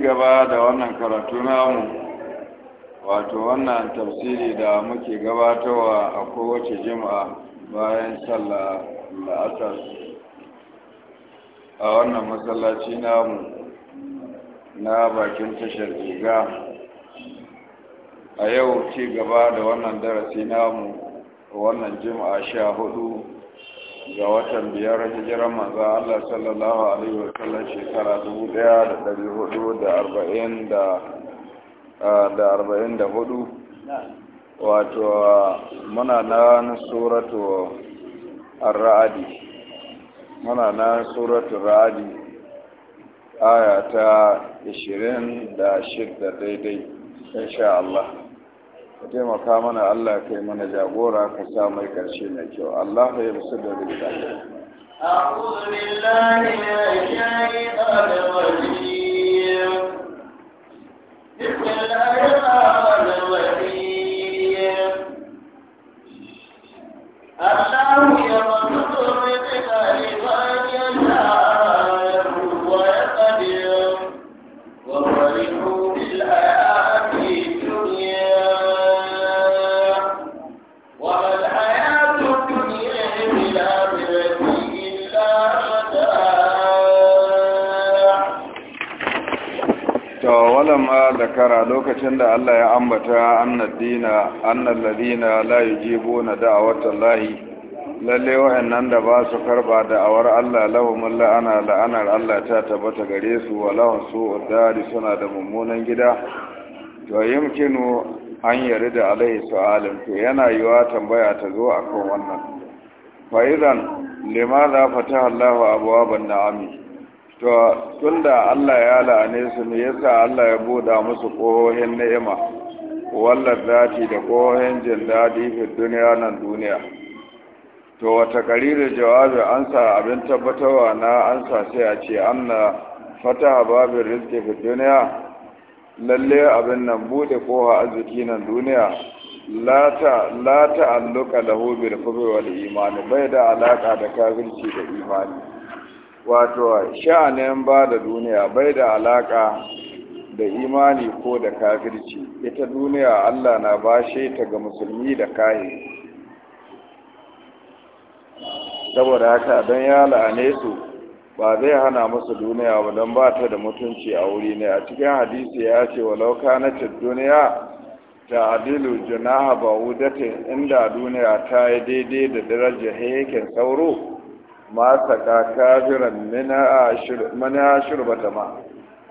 gaba da wannan karatu namu wato wannan tafsiri da muke gabatarwa a kowace jima'a bayan sallah la'asar a wannan masallaci namu na bakin tashar jiga a yau ci gaba da wannan darasi namu wannan jima'a sha hudu ga watan biyar hijiran maza Allah sallallahu alaihi wa sallam shekara 1444 wato muna na suratu ar-ra'di muna na suratu ar ra'di aya ta 26 daidai insha Allah ka taimaka mana Allah kai mana jagora ka sa mai karshe mai kyau Allah ya rusu da rizka أعوذ بالله من الشيطان الرجيم بسم الله الرحمن الرحيم الله يبسط الرزق لمن walamma zakara lokacin da Allah ya ambata annad dina annal ladina la yujibuna da'watan lahi lalle wayannan da ba su karba da'awar Allah lahum la'ana la'anar Allah ta tabbata gare su wa lahum su'ud dari suna da mummunan gida to yumkinu an yare da alaihi su'alin to yana yiwa tambaya ta zo a kan wannan fa'idan limaza fataha Allahu abwaban na'ami to tun da Allah ya la'ane su ne ya sa Allah ya buɗa musu ƙohohin ni'ima wallar zati da ƙohohin jin daɗi fi duniya nan duniya to wata da jawabi an sa abin tabbatarwa na an sa sai a ce an na fataha babin rizki fi duniya lalle abin nan bude kowa arziki nan duniya la ta'alluka hobi da kufri wal imani bai da alaka da kafirci da imani wato sha'anin ba da duniya bai da alaka da imani ko da kafirci ita duniya Allah na bashe ta ga musulmi da kayi saboda haka don ya la'ane su ba zai hana masa duniya ba don ba ta da mutunci a wuri ne a cikin hadisi ya ce walau ce duniya ta adilu junaha ba wudatin inda duniya ta yi daidai da darajar hayakin sauro ma saka kafiran mana ta ma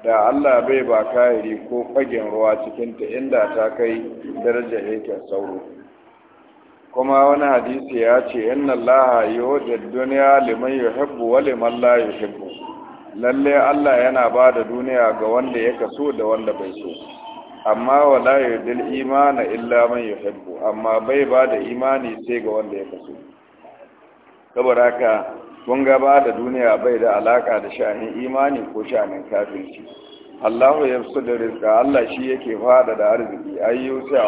da allah bai ba kayari ko fagen ruwa cikinta inda ta kai darajar hayakin sauro kuma wani hadisi ya ce inna allaha yuhibbu dunya liman yuhibbu wa liman la yuhibbu lalle Allah yana ba da duniya ga wanda ya kaso da wanda bai so amma wala yudil imana illa man yuhibbu amma bai ba da imani sai ga wanda ya kaso saboda haka kun ba da duniya bai da alaka da sha'anin imani ko sha'anin kafirci Allahu da rizka Allah shi yake fada da arziki ayyusa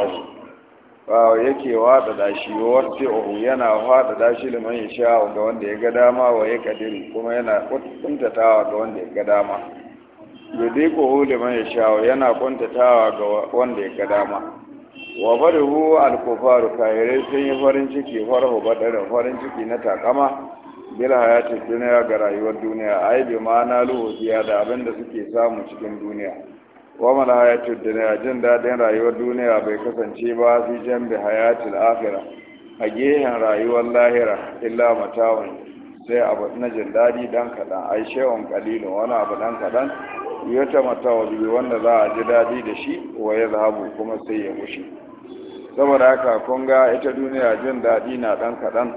yake da shi wace uhu yana da shi liman ya sha ga wanda ya ga dama wa ya kadiri kuma yana kuntatawa ga wanda ya ga dama yudiquhu liman ya sha yana kuntatawa ga wanda ya ga dama wa barihu al-kufaru sun yi farin ciki farhu badarin farin ciki na takama bil hayati dunya ga rayuwar duniya ai bi ma na luhu da abinda suke samu cikin duniya wa mana hayatu a jin daɗin rayuwar duniya bai kasance ba fi jan bi hayatul akhirah a gehen rayuwar lahira illa matawun sai abu na jin daɗi dan kaɗan ai shewan kalilin wani abu dan kaɗan ya ta matawa biyu wanda za a ji daɗi da shi wa ya zahabu kuma sai ya wuce saboda haka kun ga ita duniya jin daɗi na dan kaɗan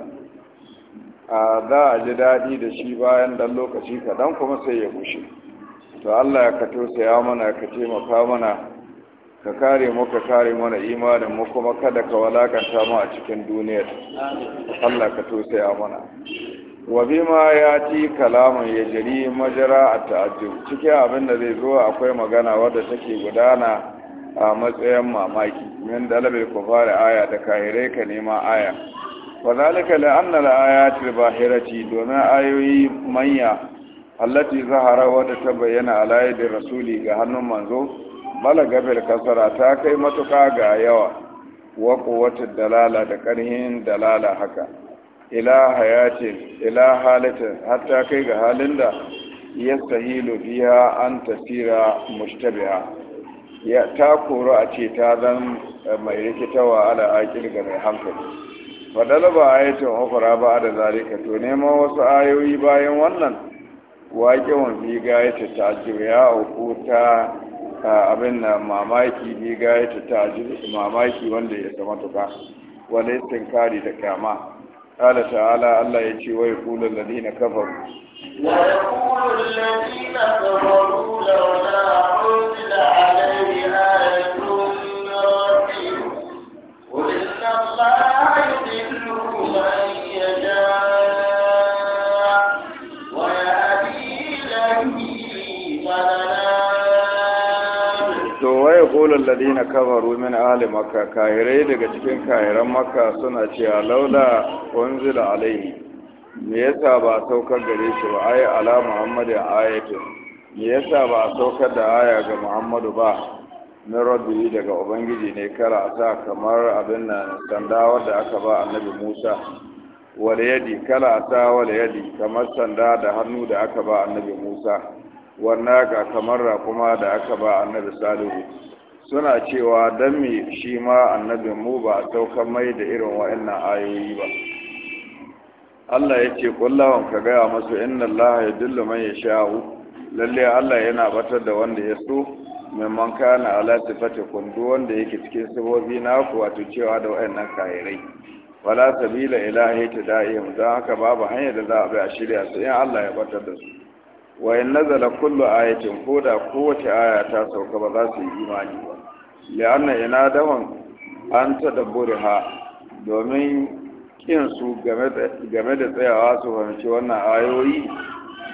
a za a ji daɗi da shi bayan dan lokaci kaɗan kuma sai ya wuce to Allah ka tausaya mana ka taimaka mana ka kare mu ka kare mana imanin mu kuma kada ka walakanta mu a cikin duniyar Allah ka tausaya mana wa bima ya ci kalamun ya jari majara a ta'ajjub cikin abin da zai zo akwai magana wadda take gudana a matsayin mamaki min dalabe ku fara aya da kahirai ka nema aya wa zalika la'anna al bahirati domin ayoyi manya allati zahara wadda ta bayyana alayyadin rasuli ga hannun manzo Bala Gabel kasara ta kai matuka ga yawa wa quwwatud dalala da ƙarhin dalala haka ila hayatin ila hatta kai ga halin da yastahilu biya an tasira mushtabiha ya ta kori a ce ta zan mai rikitawa ala aqil ga mai hankali fadala ba ayatin ba da zalika to neman wasu ayoyi bayan wannan wake biga ya ta tajir ya auku ta abin na mamaki biga ya ta tajir mamaki wanda ya sama tuka wani istinkari da kyama قال تعالى الله يجي ويقول الذين كفروا ويقول الذين كفروا لولا ladina kafaru min ahli makka kahire daga cikin kahiran makka suna cewa laula unzila alaihi me yasa ba saukar gare shi ba ai ala muhammadin ayatu me yasa ba saukar da aya ga muhammadu ba min rabbi daga ubangiji ne kara sa kamar abin nan sanda wanda aka ba annabi musa wal yadi kala ta wal yadi kamar sanda da hannu da aka ba annabi musa wannan ga kamar kuma da aka ba annabi salihu suna cewa don mi shi ma annabin mu ba saukan mai da irin wa'annan ayoyi ba Allah ya ce kullawan ka gaya masu inna Allah ya dillu man ya sha'u lalle Allah yana batar da wanda ya so memman kana ala sifati kundu wanda yake cikin sabobi na ku wato cewa da waannan kayirai wala sabila ila ta da'ihim dan haka babu hanya da za a bi a shirya su in Allah ya batar da su wa in nazala kullu ayatin koda kowace aya ta sauka ba za su yi imani ba li'anna ina dawan an ha domin kin su game da tsayawa su fahimci wannan ayoyi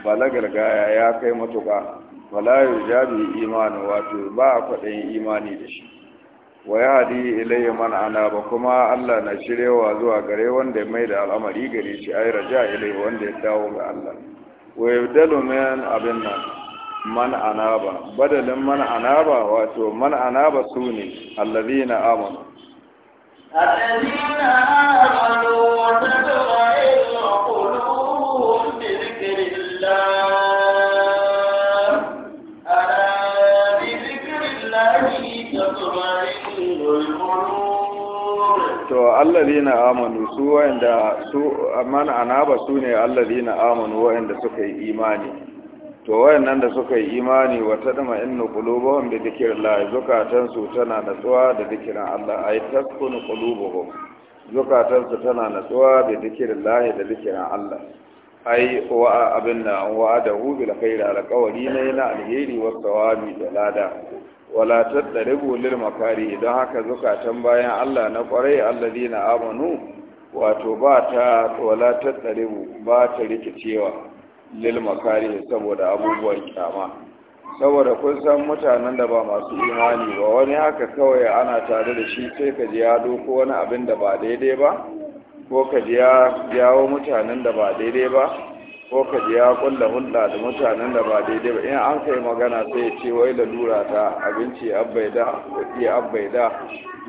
balagar gaya ya kai matuka wala yujabi imani wato ba a kwaɗayin imani da shi wa ya hadi ilayya man ana ba kuma Allah na shirewa zuwa gare wanda ya da al'amari gare shi ai raja ilayya wanda ya dawo ga Allah wa yabdalu abin nan man anaba badalin man anaba wato man anaba su ne allazina amanu allazina amanu wa tatma'innu qulubuhum amanu su wa'anda su man anaba su ne allazina amanu wa'anda suka yi imani to wayannan da suka yi imani wa dama inna qulubuhum bi dhikrillah zukatan su tana natsuwa da zikirin Allah ay taskunu qulubuhum zukatan su tana natsuwa bi dhikrillah da zikirin Allah ai wa abinna adahu bil khair alqawli qawli na alheri wa sawabi da lada wala tadribu lil makari idan haka zukatan bayan Allah na kwarai alladina amanu wato ba ta wala tadribu ba ta rikicewa lil makari saboda abubuwan kyama saboda kun san mutanen da ba masu imani ba wani haka kawai ana tare da shi sai ka ji ya doko wani abin da ba daidai ba ko ka ji ya jawo mutanen da ba daidai ba ko ka ji ya kulla hulɗa da mutanen da ba daidai ba in an kai magana sai ya ce wai lalura ta abinci abbaida kuɗi abbaida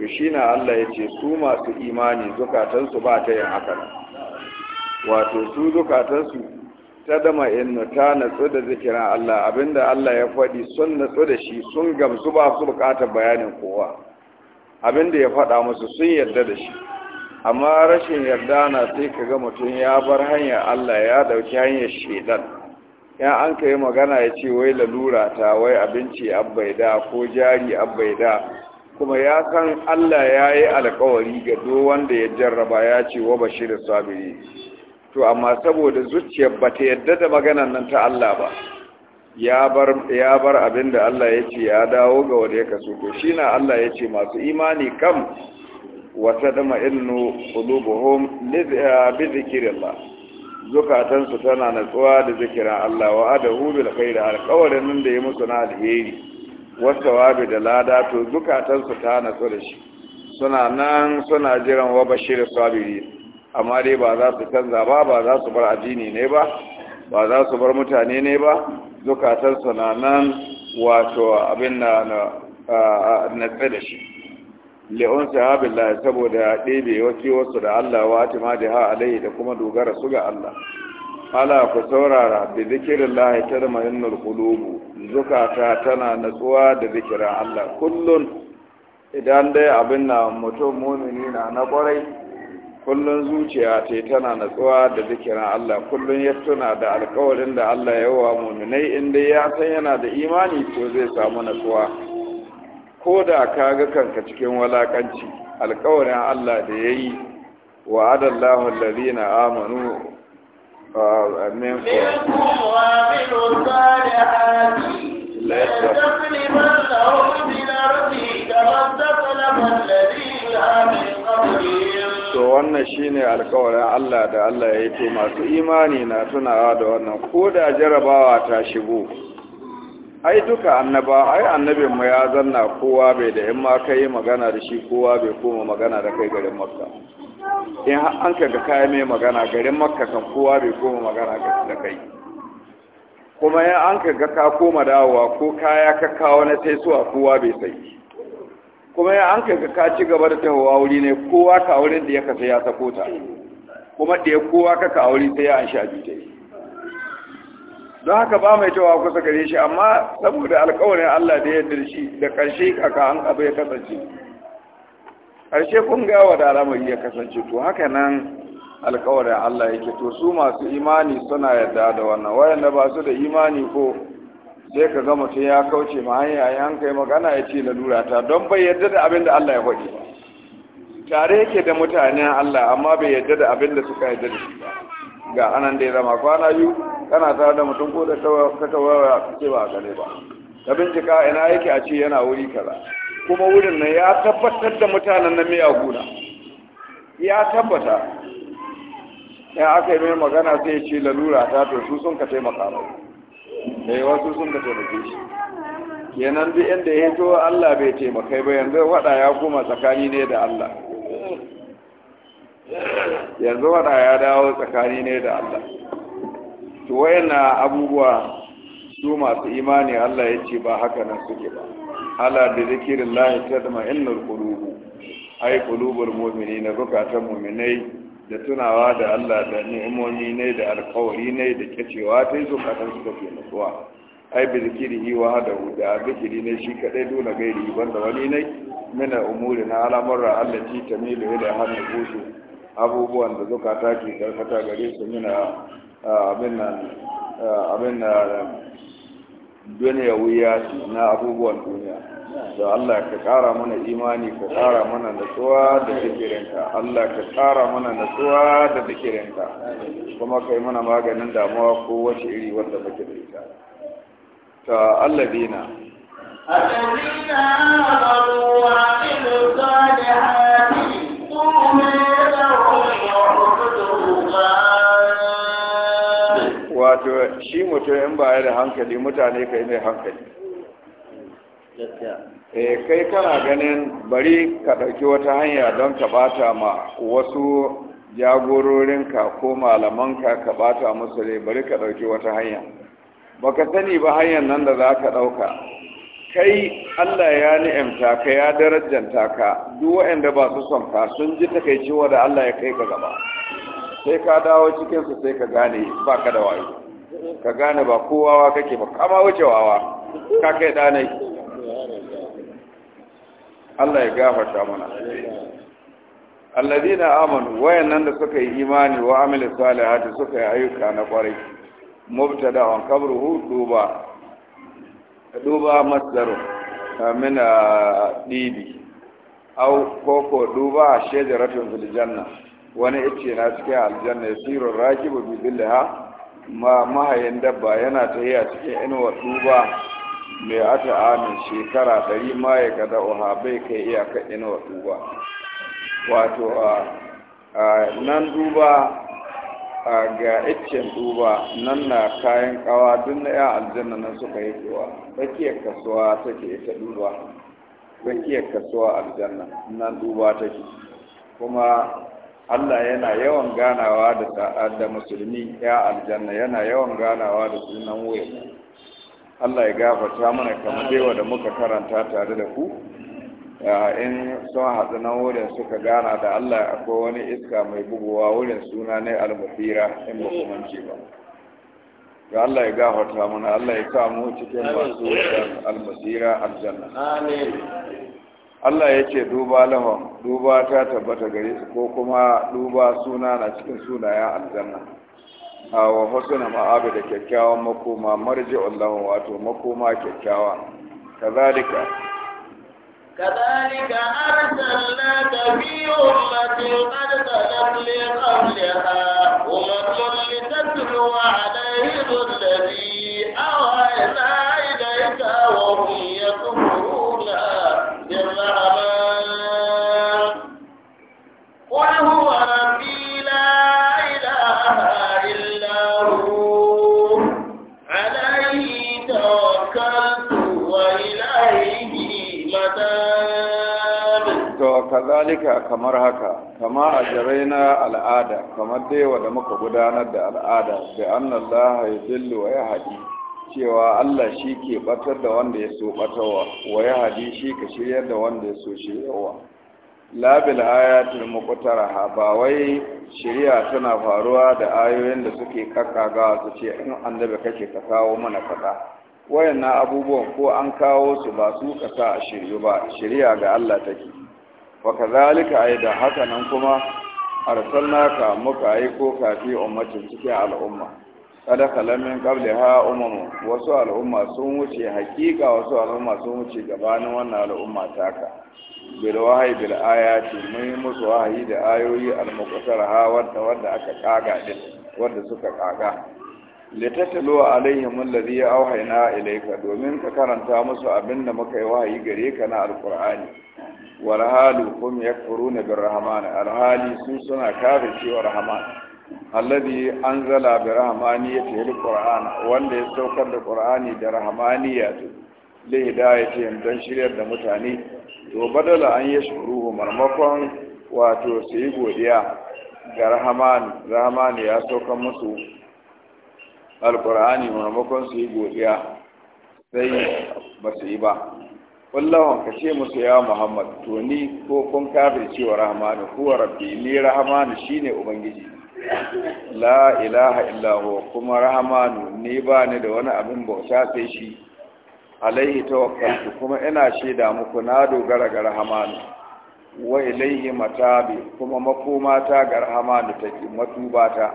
to shi na Allah ya ce su masu imani zukatansu ba ta yin haka wato su zukatansu tadama in ta natsu da zikirin Allah abinda Allah ya faɗi sun natsu da shi sun gamsu ba su bukatar bayanin kowa abinda ya faɗa musu sun yarda da shi amma rashin yarda na sai ka ga mutum ya bar hanyar Allah ya ɗauki hanyar shedan ya an kai magana ya ce wai lalura ta wai abinci abbaida ko jari abbaida kuma ya san Allah ya yi alkawari ga duk wanda ya jarraba ya ce wa bashir sabiri to amma saboda zuciyar ba ta yadda da maganan nan ta Allah ba ya bar abin da Allah ya ce ya dawo ga wanda ya kaso to shi na Allah ya ce masu imani kam wata dama inu ƙulubuhun bi zikirillah zukatansu tana natsuwa da zikirin Allah wa adahu bil khair alqawlan nan da ya musu na alheri wata wabi da lada to zukatansu ta natsu da shi suna nan suna jiran wa bashir sabirin amma dai ba za su canza ba ba za su bar addini ne ba ba za su bar mutane ne ba zukatarsu na nan wato abin na na da shi leon sahabin la saboda ɗebe wasu da allah wa ma da ha da kuma dogara su ga allah ala ku saurara da zikirin lahi ta da kulubu zukata tana natsuwa da zikirin allah kullum idan dai abin na mutum mumini na na ƙwarai. kullun zuciya ta tana natsuwa da zikirin Allah kullun ya tuna da alkawarin da Allah ya wa muminai in dai ya san yana da imani to zai samu natsuwa ko da ka ga kanka cikin walakanci alkawarin Allah da ya yi wa adallahu na amanu a لا يستخلفنهم to wannan shine alƙawarin Allah da Allah ya yi masu imani na tunawa da wannan ko da jarabawa ta shigo ai duka annaba ai annabin mu ya zanna kowa bai da in ma kai magana da shi kowa bai koma magana da kai garin makka in an ka ga kai mai magana garin makka kan kowa bai koma magana da kai kuma in an ka ga ka koma dawowa ko kaya ka kawo na sai suwa kowa bai sai kuma ya an kai ka ci gaba da tahowa wuri ne kowa ka auren da ya kasa ya sako ta kuma da ya kowa ka ka aure sai ya an sha biyu dai don haka ba mai tawa kusa gare shi amma saboda alƙawarin Allah da ya shi da karshe kaka an abu ya kasance karshe kun ga wa da alamari ya kasance to haka nan alkawarin Allah yake to su masu imani suna yarda da wannan wayanda ba su da imani ko sai ka ga mutum ya kauce ma hanya ya hankali magana ya ce lalura ta don bai yadda da abin da Allah ya faɗi tare yake da mutanen Allah amma bai yadda da abin da suka yadda da shi ba ga anan da ya zama kwana biyu kana tare da mutum ko da ka tawaya ce ba a gane ba ka bincika ina yake a ce yana wuri kaza kuma wurin nan ya tabbatar da mutanen nan mai aguna ya tabbata ya aka yi mai magana sai ya ce lalura ta to su sun ka taimaka mai sai eh, wasu sun ka taimake shi kenan duk inda ya hito Allah bai taimakai ba yanzu wada ya koma tsakani ne da Allah yanzu wada ya dawo tsakani ne da Allah to wayanna abubuwa su masu imani Allah ya ce ba haka nan suke ba ala da zikirin lahi ta da ma'inar kulubu ai kulubul mu'mini na zukatan mu'minai da tunawa da Allah da ni'imomi ne da alkawari ne da kicewa ta yi zukatan suka ke nutsuwa ai bi yi wa hadahu a zikiri ne shi kadai dole gairi banda wani ne mina umuri na ta mai da yadda hannu gusu abubuwan da zukata ke karkata gare su mina abin na. wuya na abubuwan duniya da Allah ka ƙara mana imani ka ƙara mana nasuwa da zikirinka Allah ka kara mana nasuwa da zikirinka kuma kai mana maganin damuwa ko wace iri wanda muke da ita ta Allah الذين آمنوا وعملوا wato shi mutum in ba da hankali mutane kai mai hankali eh kai kana ganin bari ka ɗauki wata hanya don ka bata ma wasu jagororinka ko malamanka ka bata musu ne bari ka ɗauki wata hanya baka sani ba hanyar nan da za ka ɗauka kai Allah ya ni'imta ka ya darajanta ka duk waɗanda ba su son ka sun ji takaicewa da Allah ya kai ka gaba sai ka dawo cikinsu sai ka gane ba ka da wayo ka gane ba kowawa kake ba kama wuce wawa ka kai ɗanai Allah ya gafarta mana alladina amanu wayannan da suka yi imani wa amilu salihati suka yi ayyuka na kwarai mubtada wa hu duba duba masdaru min dibi aw koko duba shajaratun fil janna wani ice na cikin aljanna yasiru rakibu bi billaha ma mahayin dabba yana a cikin inuwar duba mai ata amin shekara ɗari ma ya gada oha bai kai iyakar inuwar duba wato nan duba ga iccen duba nan na kayan kawa duk na yan aljanna nan suka yi kewa tsakiyar kasuwa take ita duba tsakiyar kasuwa aljanna nan duba take kuma Allah yana yawan ganawa da da musulmi ya aljanna yana yawan ganawa da sunan wuyan Allah ya gafarta mana kamar dai da muka karanta tare da ku in sun haɗu nan wurin suka gana da Allah akwai wani iska mai bugowa wurin suna ne al-mufira in ba kuma ce ba ga Allah ya gafarta mana Allah ya sa mu cikin masu al-mufira aljanna amin Allah ya ce duba lahum duba ta tabbata gare su ko kuma duba suna na cikin sunayen aljanna a wa husna ma'abi da kyakkyawan makoma marji Allah wato makoma kyakkyawa kazalika كذلك أرسلناك في أمة قد خلت من قبلها أمة لتتلو عليهم الذي أوحينا zalika kamar haka kama a jaraina al'ada kamar dai da muka gudanar da al'ada da ya yudillu wa yahdi cewa Allah shi ke batar da wanda ya so wa yahdi shi ka shiryar da wanda ya so shiryarwa la bil ayatil ha ba wai shiriya tana faruwa da ayoyin da suke kakkaga su ce in annabi kake ka kawo mana kaza wayannan abubuwan ko an kawo su ba su kasa a shiryu ba shiriya ga Allah take wa ai da haka nan kuma arsalnaka muka aiko ka fi ummatin cikin al'umma kada kalamin qabli ha umamu wasu al'umma sun wuce hakika wasu al'umma sun wuce gabanin wannan al'umma taka bil wahayi bil ayati mai musu wahayi da ayoyi al ha wanda wanda aka kaga din wanda suka kaga litatlu alaihim alladhi auhayna ilayka domin ka karanta musu abinda muka yi wahayi gare ka na al-qur'ani warhalu hum yakfuruna birrahman alhali su suna kafir cewa rahman alladhi anzala birahmaniyati alquran wanda ya saukar da qur'ani da rahmaniyatu li hidayati dan shiryar da mutane to badala an yashkuru marmakon wato su yi godiya ga rahman rahman ya saukar musu alqur'ani marmakon su yi godiya sai ba su yi ba ka ce musu ya muhammad to ni ko kun kafir cewa rahmanu kuwa rabbi ni rahmanu shine ubangiji la ilaha illahu kuma rahmanu ni ba ni da wani abin bauta sai shi alaihi tawakkaltu kuma ina shaida muku na dogara ga rahmanu wa ilaihi matabi kuma makoma ta ga rahmanu take matuba ta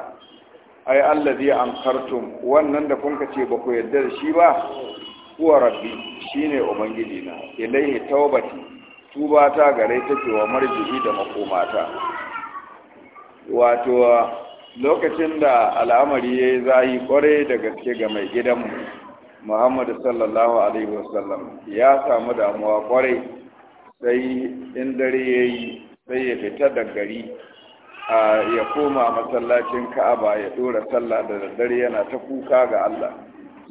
ai allazi ankartum wannan da kun ce ba ku yarda da shi ba huwa rabbi shine ubangiji na ilaihi taubati tuba ta gare take wa marji'i da makomata wato lokacin da al'amari yi zahi kware da gaske ga mai gidanmu Muhammadu sallallahu alaihi wasallam ya samu damuwa kware sai in dare ya yi sai ya fita da gari ya koma masallacin Ka'aba ya dora sallah da daddare yana ta kuka ga Allah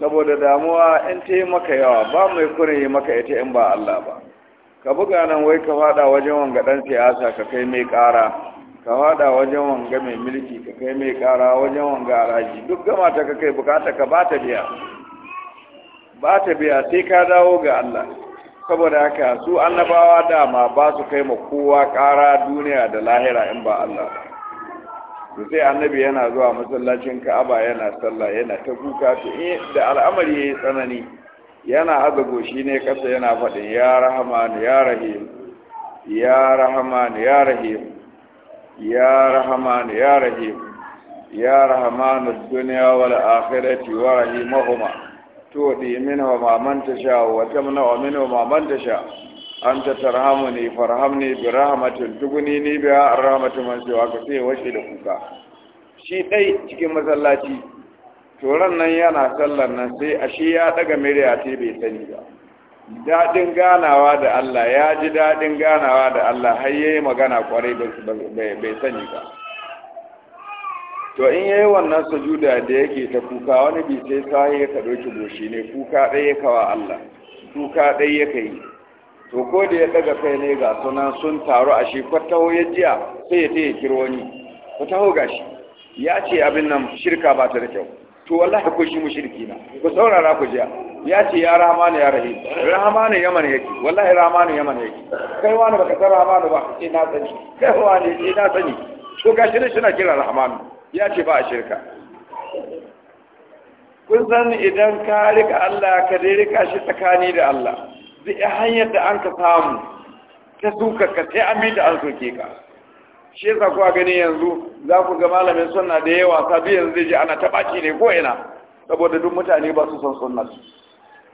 saboda damuwa in ta yi maka yawa ba mai kurin yi maka ita in ba Allah ba ka buga nan wai ka fada wajen wanga dan siyasa ka kai mai kara ka fada wajen wanga mai mulki ka kai mai kara wajen wanga araji duk gama ta ka kai bukata ka ba ta biya ba biya sai ka dawo ga Allah saboda haka su annabawa dama ba su kai ma kowa kara duniya da lahira in ba Allah ba to sai annabi yana zuwa masallacin ka'aba yana sallah yana ta kuka to eh, da al'amari yayi tsanani yana haza goshi ne kasa yana faɗin ya rahman ya rahim ya rahman ya rahim ya rahman ya rahim ya rahman ad-dunya wal akhirati wa rahimahuma to di minhu ma man tasha wa tamna minhu ma man tasha an ta tarhamu ne farham ne bi rahamatin tuguni ne biya an rahamatin man sewa da kuka shi ɗai cikin masallaci turan nan yana sallar nan sai ashe ya daga murya ta bai sani ba daɗin ganawa da Allah ya ji daɗin ganawa da Allah har yayi magana kwarai bai sani ba to in yayi wannan sujuda da yake ta kuka wani bi sai sai ya kaɗo ki goshi ne kuka ɗaya ya kawa Allah kuka ɗaya ya kai to ko da ya daga kai ne ga sunan sun taru a shi kwataho ya jiya sai ya ya kiro wani kwataho ga shi ya ce abin nan shirka ba ta da kyau to wallahi ko shi mushriki na ku saurara ku jiya ya ce ya rahmanu ya rahim rahmanu yaman yake wallahi rahmanu yaman yake kai wani baka san rahmanu ba ce na sani kai wani ce na sani to gashi ne suna kira rahmanu ya ce ba a shirka kun san idan ka rika Allah ka dai rika shi tsakani da Allah duk hanyar da an ka samu ta suka ka sai an bi da an soke ka shi yasa kuwa gani yanzu za ku ga malamin sunna da yawa sabi yanzu zai ji ana baki ne ko ina saboda duk mutane ba su son sunna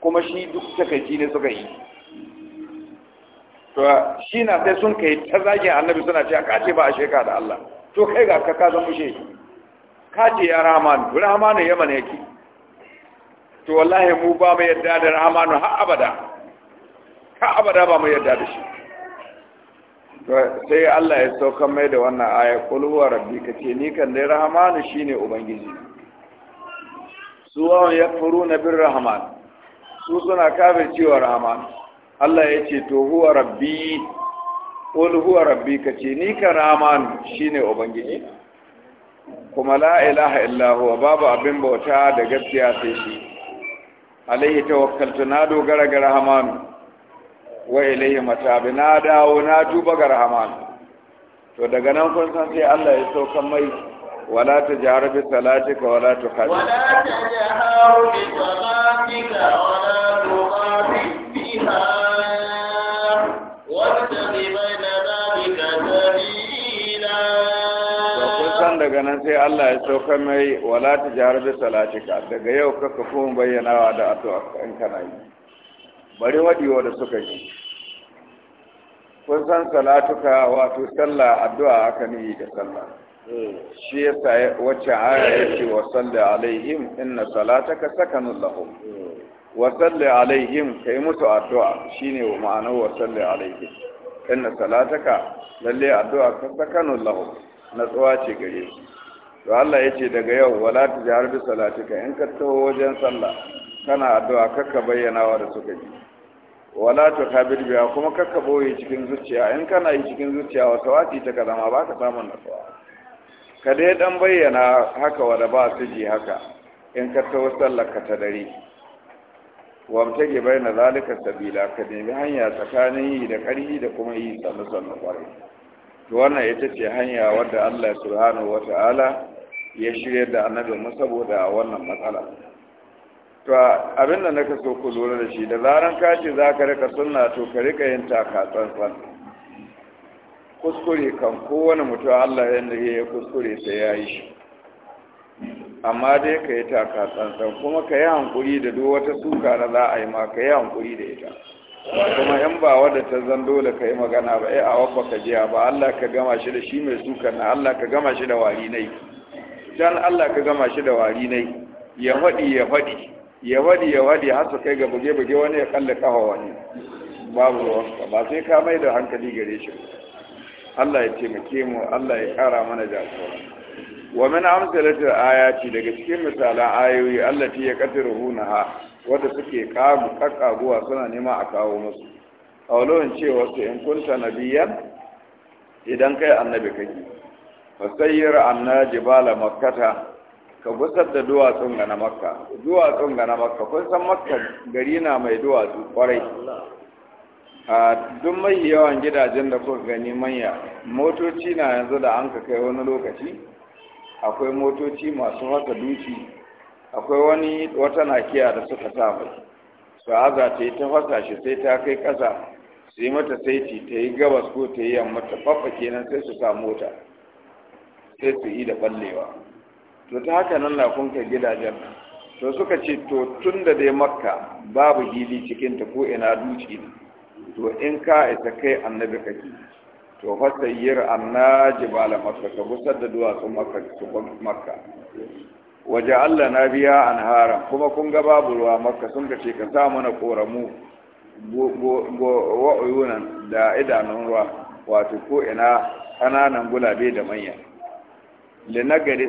kuma shi duk takaici ne suka yi to shi na sai sun kai ta zagin annabi suna ce ka ce ba a sheka da Allah to kai ga ka ka zama shi ka ce ya rahmanu rahmanu yaman ki to wallahi mu ba mu yadda da rahmanu har abada ka abada ba mu yarda da shi sai Allah ya sauka mai da wannan aya qul huwa rabbi kace ni kan dai rahmanu shine ubangiji su wa na bir rahman su suna cewa rahman Allah ya ce to huwa rabbi qul huwa rabbi kace ni kan rahman shine ubangiji kuma la ilaha illa huwa babu abin bauta da gaskiya sai shi alaihi tawakkaltu na dogara ga rahmanu wa ilayhi matabi na dawo na duba ga rahman to daga nan kun san sai Allah ya sauka mai wala tajhar bi salatika wala tukhafif wala ta tajhar bi salatika wala tukhafif biha wattabi bayna dhalika sabila kun san daga nan sai Allah ya sauka mai wala ta tajhar bi salatika daga yau kaka kuma wa da addu'a in kana yi bari wadiwa da suka yi kun san salatuka wato sallah addu'a aka ni da sallah shi yasa wacce aya yake wa salli alaihim inna salataka sakanun lahum wa salli alaihim kai musu addu'a shine ma'anar wa salli alaihim inna salataka lalle addu'a ka sakanun lahum natsuwa ce gare su to Allah yace daga yau wala tujhar bi salatika in ka taho wajen sallah kana addu'a kakka bayyana wa da suka ji wala ta kabir biya kuma kakka boye cikin zuciya in kana yi cikin zuciya wata wati ta kazama ba ka samun nasuwa ka dai dan bayyana haka wada ba su ji haka in ka ta wasallar ka ta dare wamtage bai bayyana zalika sabila ka nemi hanya tsakanin yi da ƙarfi da kuma yi sannu sannu kwari to wannan ita ce hanya wadda allah subhanahu wa ya shirya da annabi annabinmu saboda wannan matsala ta abin da naka so ku lura da shi da zaran ka ce za ka rika sunna to ka rika yin taka tsantsan kuskure kan kowane mutum Allah yadda ya kuskure ta ya yi shi amma dai ka yi taka tsantsan kuma ka yi hankuri da duk wata suka na za a yi ma ka yi hankuri da ita kuma in ba wadda ta zan dole ka yi magana ba ya eh, a ba ka jiya ba Allah ka gama shi da shi mai sukan na Allah ka gama shi da wari nai dan Allah ka gama shi da wari nai ya faɗi ya faɗi ya wadi ya wadi har su kai ga buge-buge wani ya kalli kawo wani babu ruwanka ba sai ka mai da hankali gare shi Allah ya taimake mu Allah ya kara mana jagora wa min amsalati ayati daga cikin misalan ayoyi Allah ya qadiruhuna ha wanda suke kamu kakkaguwa suna nema a kawo musu awlon cewa su in kunta nabiyan idan kai annabi kake fasayyir annajibala makkata ka gusar da duwatsun ga na makka duwatsun ga na makka kun san makka gari na mai duwatsu kwarai a duk mai yawan gidajen da kuka gani manya motoci na yanzu da an ka kai wani lokaci akwai motoci masu haka duki akwai wani wata na nakiya da suka sa mai su aza ta yi ta fasa shi sai ta kai ƙasa su yi mata saiti ta yi gabas ko ta yi yamma ta fafa kenan sai su sa mota sai su yi da ballewa to ta haka nan na kunka gidajen to suka ce to tun da dai makka babu hili cikin ta ko ina duci to in ka isa kai annabi kake to fa sayyir anna jibala makka ka busar da duwatsun makka su makka waje Allah na biya anhara kuma kun ga babu ruwa makka sun ka ka sa mana koramu wa'uyunan da idanun ruwa wato ko ina ƙananan gulabe da manyan.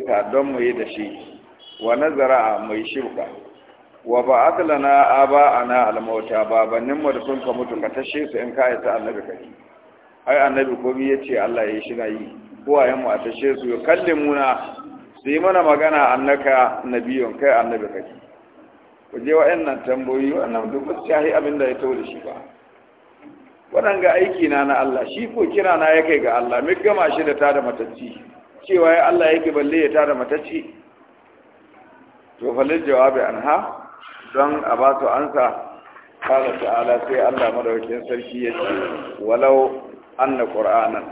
ta don mu yi da shi wa nazara mai shirka wa ba na aba ana almauta babannin mu da sun ka mutu ka tashe su in ka aita annabi kai ai annabi ko komai yace Allah ya shi yi Ko kowayen mu a tashe su ya kallimuna su yi mana magana annaka nabiyun kai annabi kai ku je wa'annan tambayoyi wannan duk ba su shahi abin da ya tawo da shi ba waɗanga aiki na na Allah shi ko kira na ya kai ga Allah mai gama shi da ta da matacci cewa ya Allah yake balle ya tara matacci to falil jawabi anha don a ba su ansa kala ta'ala sai Allah madaukakin sarki ya ce walau anna qur'anan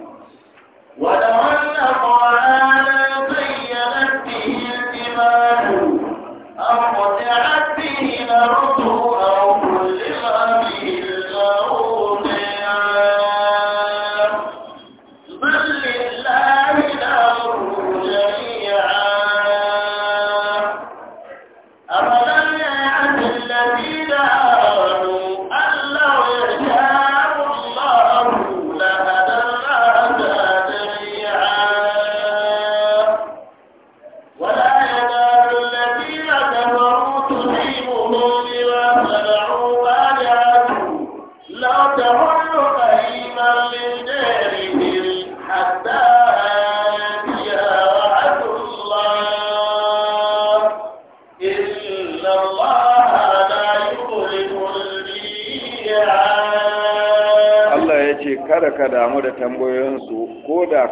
walau anna qur'anan zayyanat bihi al-jibal aw qati'at bihi al-rusul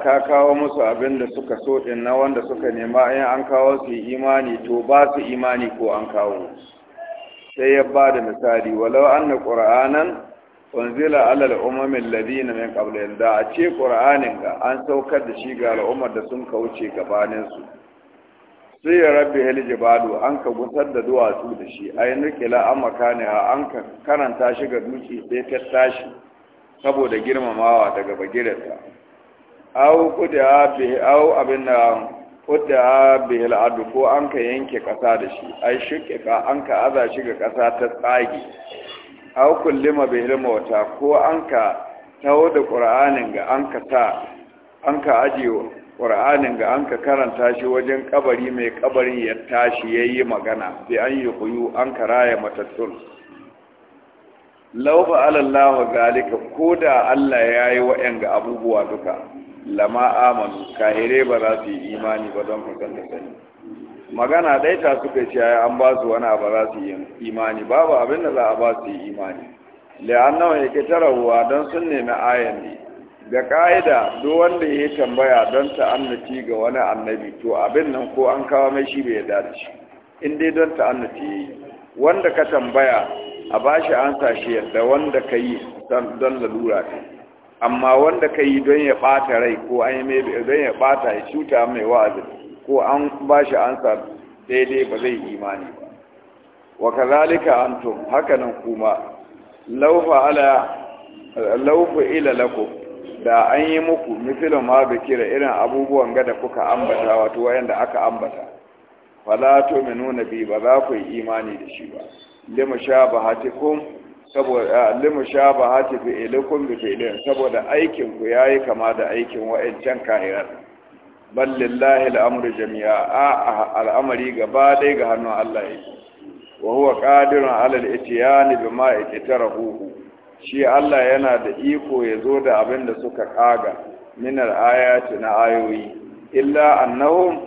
ka kawo musu abin da suka so din na wanda suka nema in an kawo su imani to ba su imani ko an kawo sai ya ba da misali walau na ƙura'anan unzila ala al-umam min qablihim da a ce ƙura'anin ga an saukar da shi ga al'ummar da sun kauce gabanin su sai ya rabbi haljibalu an ka gusar da duwatsu da shi ay nukila a an karanta shi ga duki sai ta tashi saboda girmamawa daga bagirarsa aw kuda bi aw abinna kuda bi al'adu ko an ka yanke kasa da shi ai ka an ka aza shi ga kasa ta tsagi aw kullima bi hilmawta ko an ka tawo da qur'anin ga an ka ta an ka ajiyo qur'anin ga an ka karanta shi wajen kabari mai kabarin ya tashi yayi magana bi an yi an ka raya matattun laufa Allah zalika ko da Allah yayi yi ga abubuwa duka lama amanu kahire ba za su yi imani ba don kusan da sani magana ɗaya ta suka ce ya an ba su wani ba za su yi imani babu abin da za a ba su yi imani nawa ya ƙetare ruwa don sun nemi ayan ne ga ka'ida, duk wanda ya yi tambaya don ta'annaci ga wani annabi to abin nan ko an kawo mai shi bai yarda da shi in dai don ta'annaci ya yi wanda ka tambaya a bashi an sa shi yadda wanda ka yi don lalura ne amma wanda ka yi don ya ɓata rai ko an yi mai don ya ɓata ya cuta mai wa'azi ko an ba shi ansa daidai ba zai imani ba wa kazalika antum hakanan kuma laufa ala ila lako da an yi muku misilin ma kira irin abubuwan gada kuka ambata wato wayanda aka ambata fala to minuna bi ba za ku yi imani da shi ba Lima sha bahatikum saboda ah, limu sha ba hati fi ilikun bi fi'ilin saboda aikin ku yayi kama da aikin wa'ancan kahiran ballillahi al'amru jami'a a al'amari gaba dai ga hannun Allah yake wa huwa qadirun ala al-ityan bima ittarahu shi Allah yana da iko ya zo da abin da suka kaga min al-ayati na ayoyi illa annahu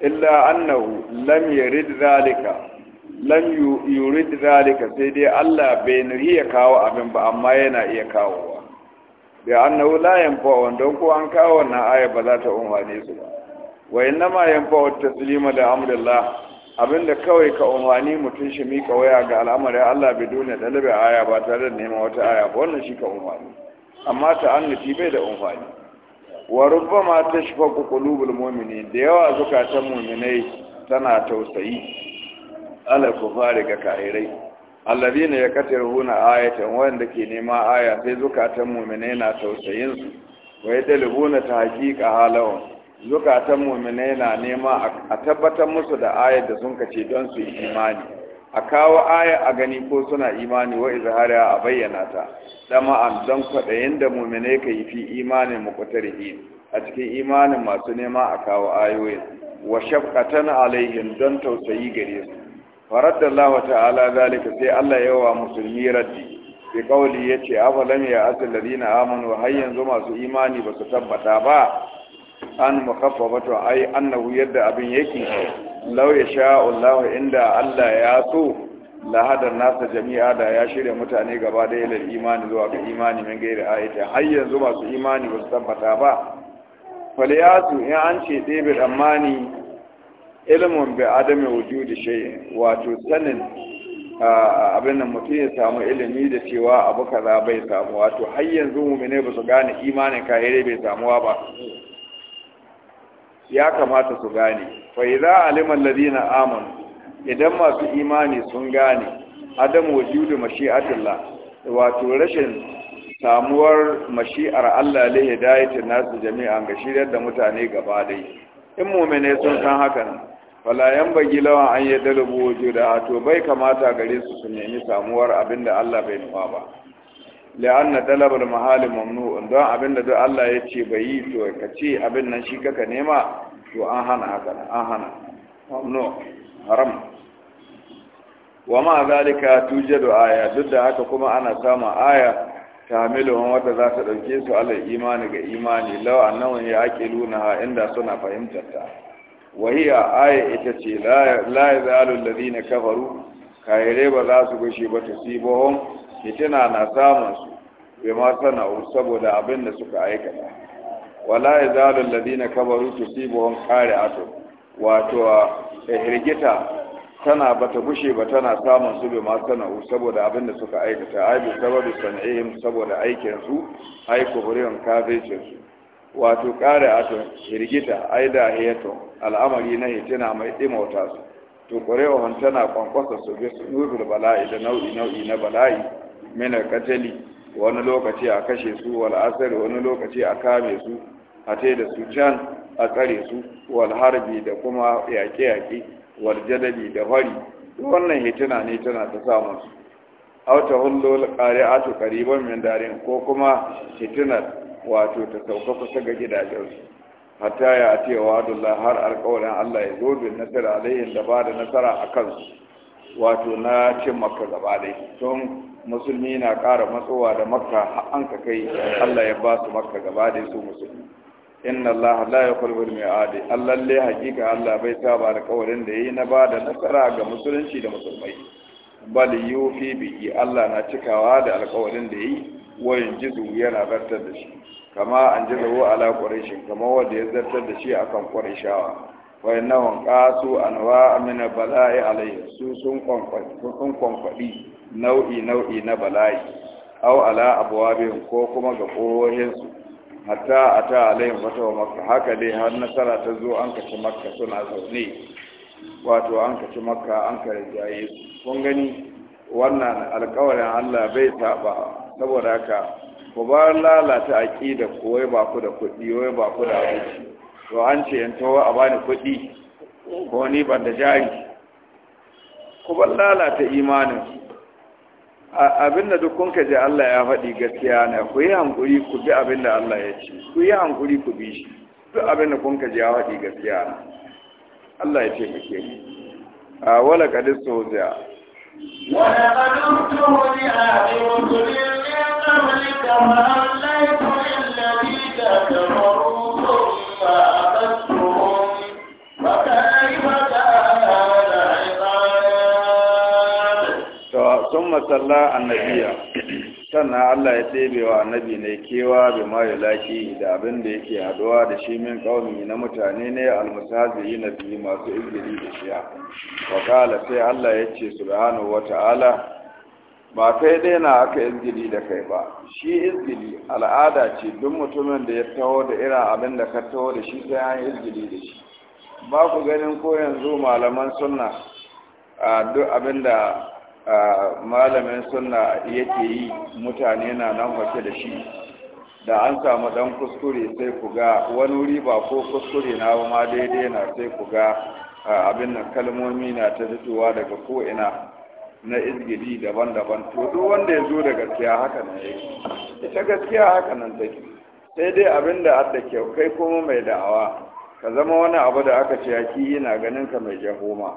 illa annahu lam yurid zalika lan yurid zalika sai dai Allah bai nuhi ya kawo abin ba amma yana iya kawowa bi annahu la yanfa'u don ko an kawo wannan aya ba za ta umfane su ba wa innama yanfa'u taslima da amrillah abinda kawai ka umfani mutun shi mika waya ga al'amari Allah bai dole dalabe aya ba tare da neman wata aya ba wannan shi ka umfani amma ta ta'annuti bai da umfani wa rubbama tashfaqu qulubul mu'minin da yawa zukatan mu'minai tana tausayi alal kufari ga kahirai allazina yakatiruna ayatan wanda ke nema aya sai zukatan mu'minai na tausayin su ta ta hakika halawan zukatan mu'minai na nema a tabbatar musu da ayar da sun kace don su yi imani a kawo aya a gani ko suna imani wa izhara a bayyana ta dama an don kwada da mu'minai ka yi fi imanin muqtarihin a cikin imanin masu nema a kawo ayoyin wa shafkatan alaihim don tausayi gare su faradda Allah ta'ala zalika sai Allah yawa musulmi raddi bi kauli yace afalam ya asal ladina amanu har yanzu masu imani ba su tabbata ba an mukaffafatu ai annahu yadda abin yake law yasha Allah inda Allah ya so la nasa jami'a da ya shirya mutane gaba da ilal imani zuwa ga imani min gairi ayati har yanzu masu imani ba su tabbata ba faliyatu in an ce ɗebe tsammani ilimin bai adami wujudi shi wato sanin abin nan mutum ya samu ilimi da cewa abu kaza bai samu wato har yanzu mu'mine ba su gane imanin kahire bai samuwa ba ya kamata su gane fa idza alima amanu idan masu imani sun gane adam wujudu mashi'atullah wato rashin samuwar mashi'ar Allah li hidayati nasu jami'an ga shiryar da mutane gaba dai in mu'mine sun san haka hakan falayan bagi lawan an yi dalibu wujuda to bai kamata gare su su nemi samuwar abin da Allah bai nufa ba la'anna dalabar mahalin mamnu don abin da duk Allah ya ce bai yi to ka ce abin nan shi kaka nema to an hana haka an hana mamnu haram wa ma zalika tujadu aya duk da haka kuma ana samun aya ta hamiluhun wata za ta ɗauke su alal imani ga imani law ake ya ha, inda suna fahimtar ta wahiya aya ita ce la ya zalun lalina kafaru kayarai za su gushe ba ta sibohon fitina na samun su bai ma saboda abin da suka aikata wala ya zalun lalina kafaru ta sibohon kare ato wato a eh, hirgita tana ba ta gushe ba tana samun su bai ma sana'u saboda abin da suka aikata ai bi sababi sana'ihim saboda aikinsu ai kuburin kafircinsu wato a to hirgita ai da heto al'amari na hitina mai ɗimauta su to wa tana kwankwasa su bi nufin bala'i da nau'i nau'i na bala'i mina katali wani lokaci a kashe su wal asar wani lokaci a kame su a da su can a tsare su wal harbi da kuma yaƙe-yaƙe wal jadabi da hari wannan hitina ne tana ta samun su auta hullo ƙari'atu ƙariban min darin ko kuma hitinar wato ta sauka kusa ga gidajensu hatta ya ce wa adullah har alƙawarin Allah ya zo bin nasara alayhin da ba da nasara a su. wato na cin makka gaba dai don musulmi na ƙara matsowa da makka har an ka kai Allah ya ba su makka gaba dai su musulmi inna Allah la yukhlifu al-mi'ad Allah le hakika Allah bai saba alƙawarin da yayi na ba da nasara ga musulunci da musulmai bal yufi bi Allah na cikawa da alƙawarin da yayi wayan jizu yana bartar da shi kama an ji zawo ala ƙwarishin kama wanda ya zartar da shi a kan ƙwarishawa na wanka su an wa amina bala'i alayhi su sun kwankwaɗi nau'i nau'i na bala'i au ala abuwabin ko kuma ga su hatta a ta alayhin wata wa makka haka dai har nasara ta zo an kaci makka suna zaune wato an kaci makka an ka rijaye su kun gani wannan alkawarin allah bai saba saboda haka ku ba lalata aƙida ko wai ba ku da kuɗi wai ba ku da abinci to an ce in towa a bani kuɗi ko ni ban da jari ku ba lalata imanin abin da duk ka je Allah ya faɗi gaskiya ne, ku yi hankuri ku bi abin da Allah ya ce ku yi hankuri ku bi shi duk abin da ka je ya faɗi gaskiya ne. Allah ya ce muke a wala kadin soziya wala kadin soziya ذلك ما أمليت للذين كفروا ثم أخذتهم فكيف كان العقاب ثم صلى النبي sannan Allah ya ɗebe wa annabi ne kewa bi ma yulaki da abin da yake haduwa da shi min kaumi na mutane ne almusaziri na biyu masu izgiri da shiya wa sai Allah ya ce subhanahu wa ta'ala ba kai dai na aka izgili da kai ba shi izgili al'ada ce duk mutumin da ya taho da irin abin da ka taho da shi sai an izgili da shi ba ku ganin ko yanzu malaman sunna a duk abin da malamin sunna yake yi mutane na nan wake da shi da an samu dan kuskure sai ku ga wani wuri ba ko kuskure na ba ma daidai na sai ku ga abin nan kalmomi na ta fitowa daga ko ina na izgili daban-daban to duk wanda ya zo da gaskiya haka nan yake ita gaskiya haka nan take sai dai abin da ada kyau kai kuma mai da'awa ka zama wani abu da aka ce yaki yana ganin ka mai jahoma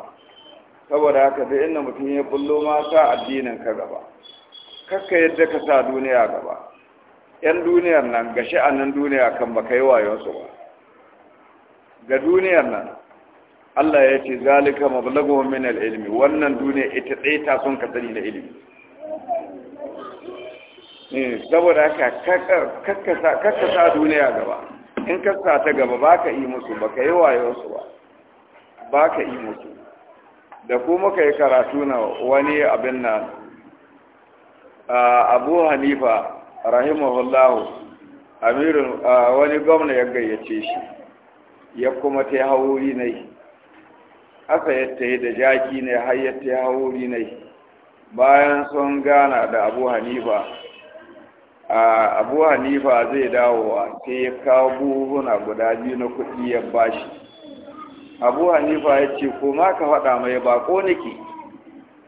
saboda haka duk inda mutum ya bullo ma sa addinin ka gaba kakka yadda ka sa duniya gaba yan duniyar nan ga sha'anin duniya kan ba kai wayonsu ba ga duniyar nan Allah ya ce zalika mablagu min al-ilmi wannan duniya ita tsaye ta son ka sani da ilimi eh, saboda haka kakkasa kakkasa duniya gaba in ka sa ta gaba ba ka yi musu ba ka yi wayo ba ba ka yi musu da kuma muka yi karatu na wani abin nan abu hanifa rahimahullah amirin wani gwamna ya gayyace shi ya kuma ta yi hauri aka yatta da jaki ne har yatta hauri ne bayan sun gana da abu hanifa a abu hanifa zai dawo sai ya kawo buhuna guda biyu na kuɗi ya bashi abu hanifa ya ce ko ma ka faɗa mai bako nake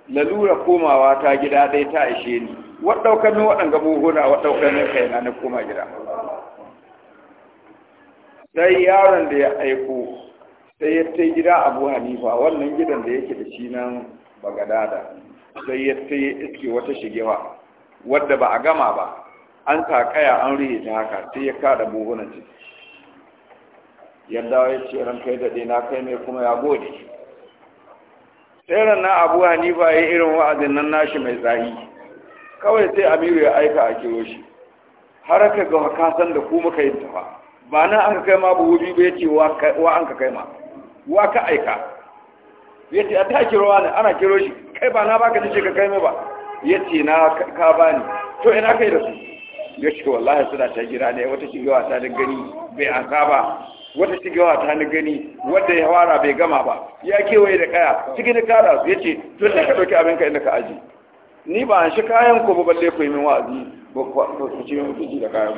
lalura komawa ta gida ɗaya ta ishe ni waɗaukanin waɗanga buhuna ne kai na na koma gida sai yaron da ya aiko sai ya ta gida abu hanifa wannan gidan da yake da shi nan bagadada sai ya ta iske wata shigewa wadda ba a gama ba an takaya an rihe ta haka sai ya kada buhunan ci yadda ya ce ran kai daɗe na kai mai kuma ya gode sai ran na abu hanifa ya irin wa'azin nan nashi mai tsayi kawai sai amiru ya aika a kiro shi har ka ga kasan da ku muka yi tafa ba na an kai ma buhu biyu ya ce wa an ka kai ma wa ka aika ya ce a ta kiro ne ana kiro shi kai ba na baka nace ka kai mu ba ya ce na ka ba ni. to ina kai da su ya ce wallahi suna ta gida ne wata shigewa ta ni gani bai ka ba wata shigewa ta ni gani wanda ya fara bai gama ba ya kewaye da kaya cikin da su ya ce to sai ka ɗauki abin ka inda ka aji ni ba an shi kayan ku ba balle ku yi min wa'azi ba ku ce min mutunci da kayan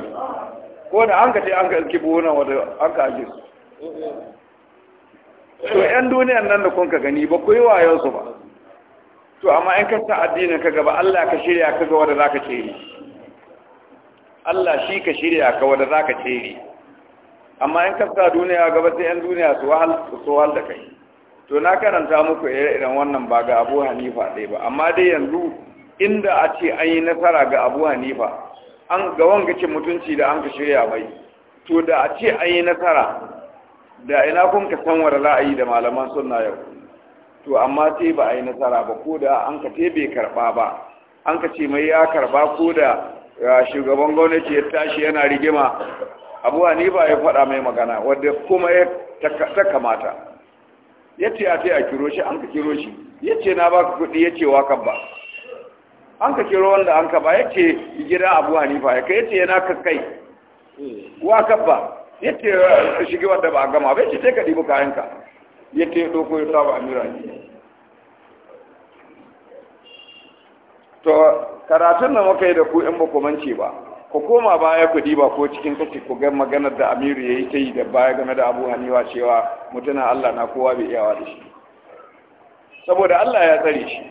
ku ko da an ka ce an ka iske buhunan wanda an ka aji. su to yan duniyan nan da kun ka gani ba ku yi yau su ba to amma in ka sa addinin ka gaba Allah ka shirya ka ga wanda zaka ceri Allah shi ka shirya ka wanda zaka ceri amma in ka sa duniya gaba sai yan duniya su wahal su wahal da kai to na karanta muku irin wannan ba ga Abu Hanifa dai ba amma dai yanzu inda a ce an yi nasara ga Abu Hanifa an ga wanga ce mutunci da an ka shirya mai to da a ce an yi nasara da ina kun ka san wara ra'ayi da malaman sunna yau to amma sai ba a yi nasara ba ko da an ka ce bai karba ba an ka ce mai ya karba ko da shugaban gwamnati ya tashi yana rigima abuwa ni ba ya faɗa mai magana wadda kuma ya ta kamata ya ce a a kiro shi an ka kiro shi ya ce na baka kuɗi ya ce wa ba an ka kiro wanda an ka ba ya ce gida ni ba ya kai ya ce yana kai. wa ba yake shige wanda ba gama bai ce sai ka kayan kayanka yake doko ya saba amira ne to karatun da muka yi da ku in ba ku mance ba ku koma baya ku diba ko cikin kake ku ga maganar da Amiru yayi ta yi da baya game da Abu Hanifa cewa mutuna Allah na kowa bai iyawa da shi saboda Allah ya tsare shi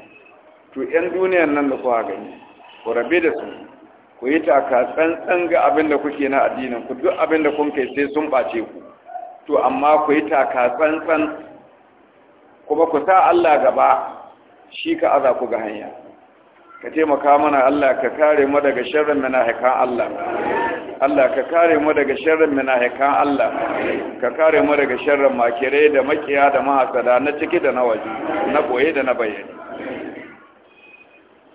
to 'yan duniyan nan da kowa gani ku rabe da su ku yi taka tsantsan ga abin da kuke na addinin ku duk abin da kun kai sai sun ɓace ku to amma ku yi taka tsantsan kuma ku sa Allah gaba shi ka aza ku ga hanya ka taimaka mana Allah ka kare mu daga sharrin munafikan Allah Allah ka kare mu daga sharrin munafikan Allah ka kare mu daga sharrin makirai da makiya da mahasada na ciki da na waje na boye da na bayyane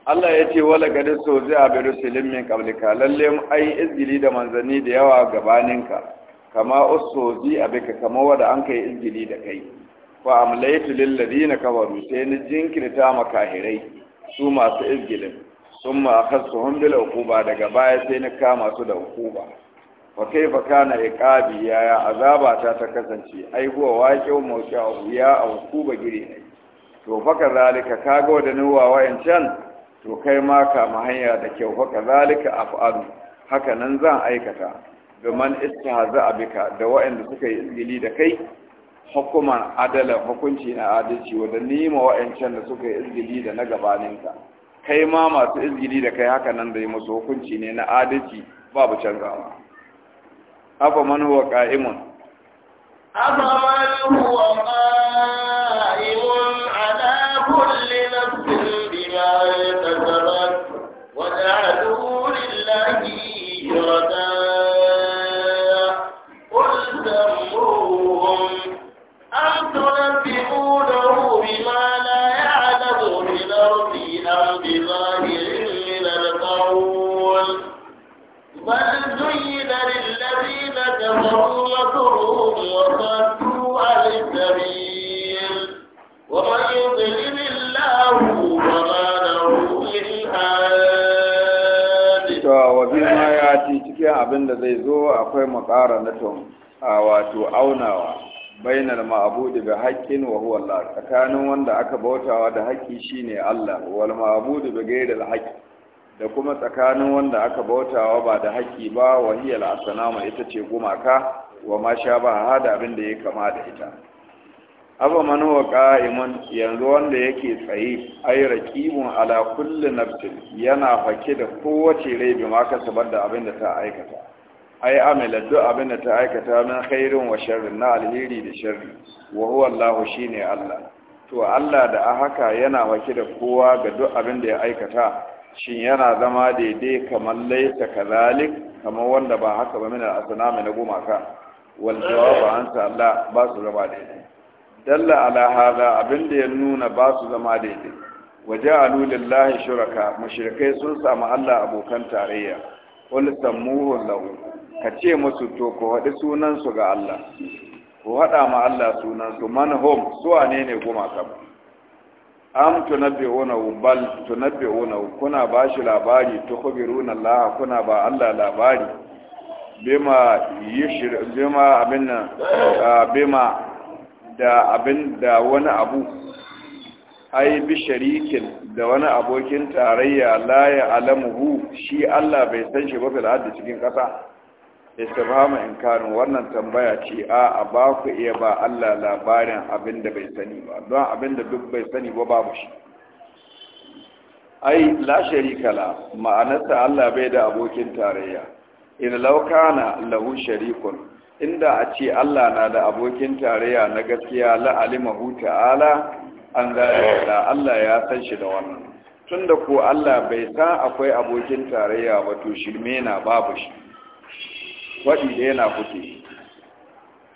Allah ya ce wala gadi so zai abi rusulun min qablika lalle ai izgili da manzanni da yawa gabaninka kama usso zi abika kama wada an kai izgili da kai fa amlaytu lil ladina kafaru sai ni jinkirta makahirai su masu izgilin summa hum bil uquba daga baya sai ni kama su da uquba wa kaifa kana iqabi yaya azaba ta ta kasance ai huwa waqi'u mawqi'u ya uquba gire to faka zalika kaga wadannan wawayen can to kai ma kama hanya da kyau haka zalika af'alu haka nan zan aikata da man a bika da wa'anda suka yi izgili da kai hukuman adala hukunci na adalci wanda nima wa'ancan da suka yi izgili da na gabaninka kai ma masu izgili da kai haka nan da yi musu hukunci ne na adalci babu canzawa afa man huwa qa'imun afa man huwa qa'imun ala kulli அதனால் babi cikin abin da zai zo akwai makara na tun a wato aunawa bainar ma'abudi bi haƙƙin wa huwa Allah tsakanin wanda aka bautawa da haƙƙi shine Allah wal ma'abudi bi al haqq da kuma tsakanin wanda aka bautawa ba da haƙƙi ba wa hiya al ita ce gumaka wa ma sha ba hada abin da ya kama da ita abu wa ƙa'imun yanzu wanda yake tsaye ai raƙibun ala kulli nafsin yana fake da kowace rai bi ma sabar da abin da ta aikata ai amila duk abin da ta aikata min khairin wa sharrin na alheri da sharri wa huwa Allah shine Allah to Allah da a haka yana fake da kowa ga duk abin da ya aikata shi yana zama daidai kamar laisa kazalik kamar wanda ba haka ba min al-asnam na gumaka wal an Allah ba su zama daidai dalla ala hada abinda ya nuna ba su zama daidai waje alulillahi shuraka mushrikai sun samu Allah abokan tarayya qul sammuhu lau. ka ce musu to ko hadi sunansu ga Allah ko haɗa ma Allah sunan su man hum su wane ne goma kam am tunabbi'una bal tunabbi'una kuna bashi labari tukhbiruna Allah kuna ba Allah labari bima yushir bima abinna ah, bima da abin da wani abu ai bi sharikin da wani abokin tarayya la ya alamuhu shi Allah bai san shi ba fil hadd cikin kasa istifhama inkarin wannan tambaya ce a ba ku iya ba Allah labarin abin da bai sani ba don abin da duk bai sani ba babu shi ai la sharika la ma'anarsa Allah bai da abokin tarayya in law lahu sharikun inda a ce Allah na da abokin tarayya na gaskiya la'alimahu ta'ala an gane da Allah ya san shi da wannan tunda ko Allah bai san akwai abokin tarayya ba to shirme na babu shi wadi da yana kuke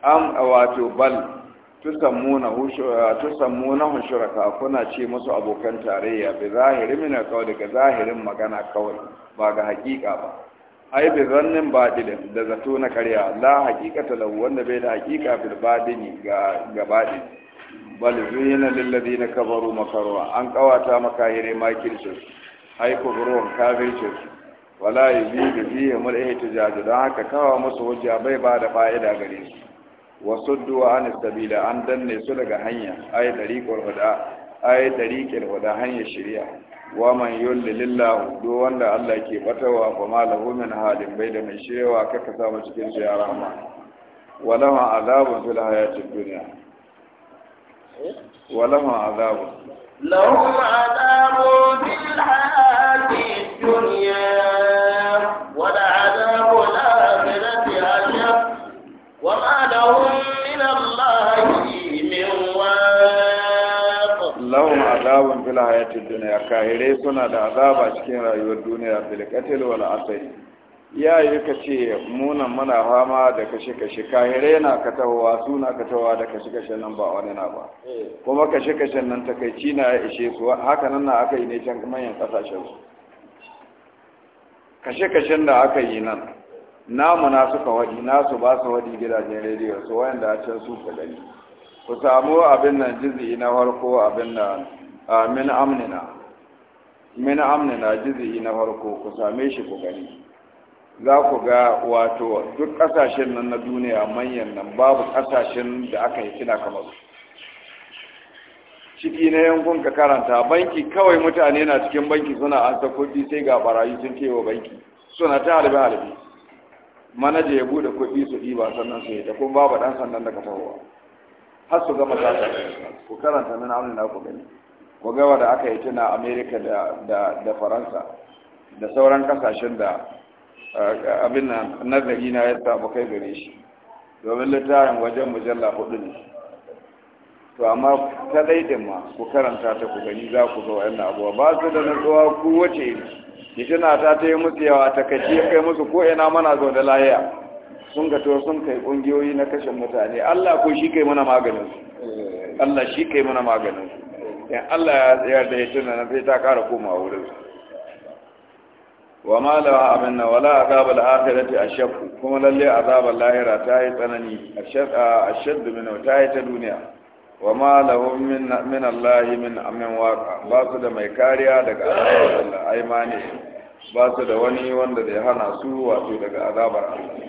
am wato bal tusammuna tusammuna kuna ce musu abokan tarayya bi zahiri min kawai daga zahirin magana kawai ba ga hakika ba ai bi zannin da zato na karya la haqiqata lahu wanda bai da haqiqa fil badini ga ga badin bal zuyina lil ladina kabaru makaru an kawata makahire makircin ai kufurun kafircin wala yuzidu fihi mul ihtijaj dan haka kawa musu hujja bai ba da fa'ida gare su wasuddu an sabila an danne su daga hanya ai dariqul huda ai dariqul huda hanyar shari'a wa man yulli lillahu do wanda Allah ke batawa fa malahu min halin bai da mai shirewa kaka samu cikin su ya rahama walama azabun fil hayatid dunya ma azabun lahu azabun fil hayatid dunya fil hayatid dunya kahire suna da azaba cikin rayuwar duniya bil wal asai ya yi ka ce munan muna fama da kashe-kashe kahire na katawa suna katawa da kashe-kashe nan ba wani na ba kuma kashe kashe nan takaici na ya ishe su haka nan na aka yi ne can manyan kasashen su kashe-kashen da aka yi nan namu na suka waɗi nasu ba su waɗi gidajen rediyo su wayanda a can su ka gani ku samu abin nan jizi na farko abin nan min amnina min amnina جزئي na farko ku same shi ku gani za ku ga wato duk kasashen nan na duniya manyan nan babu kasashen da aka yi kina kamar su ciki na yankun ka karanta banki kawai mutane na cikin banki suna an ta kuɗi sai ga barayi sun kewa banki suna ta halibi halbe manaja ya bude kuɗi su ɗiba sannan su yadda, ta kuma babu ɗan sannan daga tahowa har su gama tasa ku karanta min amina ku gani ku gawa da aka yi tuna amerika da faransa da sauran kasashen da eh, abin nazari na ya sabu kai gare shi domin littafin wajen mujalla hudu ne to amma ta daidin ma ku karanta ta ku gani za ku zo wayannan abuwa ba su da nutsuwa ku wace Yi tuna ta ta yi musu yawa ta ya kai musu ko ina mana zo da lahiya sun gato sun kai kungiyoyi na kashin mutane Allah ko shi kai mana maganin Allah shi kai mana maganin in Allah ya yarda ya tuna nan sai ta kara koma wurin wa ma la amanna wa la azab al akhirati ashaq kuma lalle azab al lahira ta yi tsanani ashaq ashad min ta yi ta duniya wa ma lahum min min Allah min amin waqa ba su da mai kariya daga azabar Allah ai ne, ba su da wani wanda zai hana su wato daga azabar Allah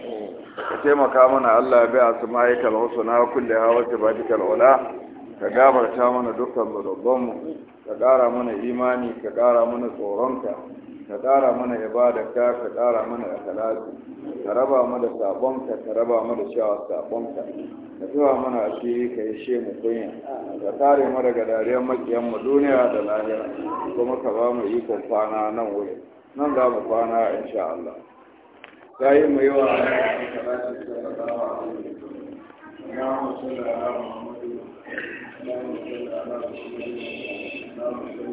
ka taimaka mana Allah bi asma'ikal husna kulli hawati batikal ula ka gabarta mana dukkan zurabbanmu ka ƙara mana imani ka ƙara mana tsoronka ka ƙara mana ibadarka ka ƙara mana akhlaqi ka raba mana sabonka ka raba mana da shawa sabonka ka tuwa mana asiri ka yi she mu kunya ka kare mu daga dariyar makiyan mu duniya da lahira kuma ka ba mu ikon kwana nan wuri nan za mu kwana insha Allah sai mu yi wa Allah sallallahu alaihi wa sallam Allahumma salli ala Muhammad Thank you.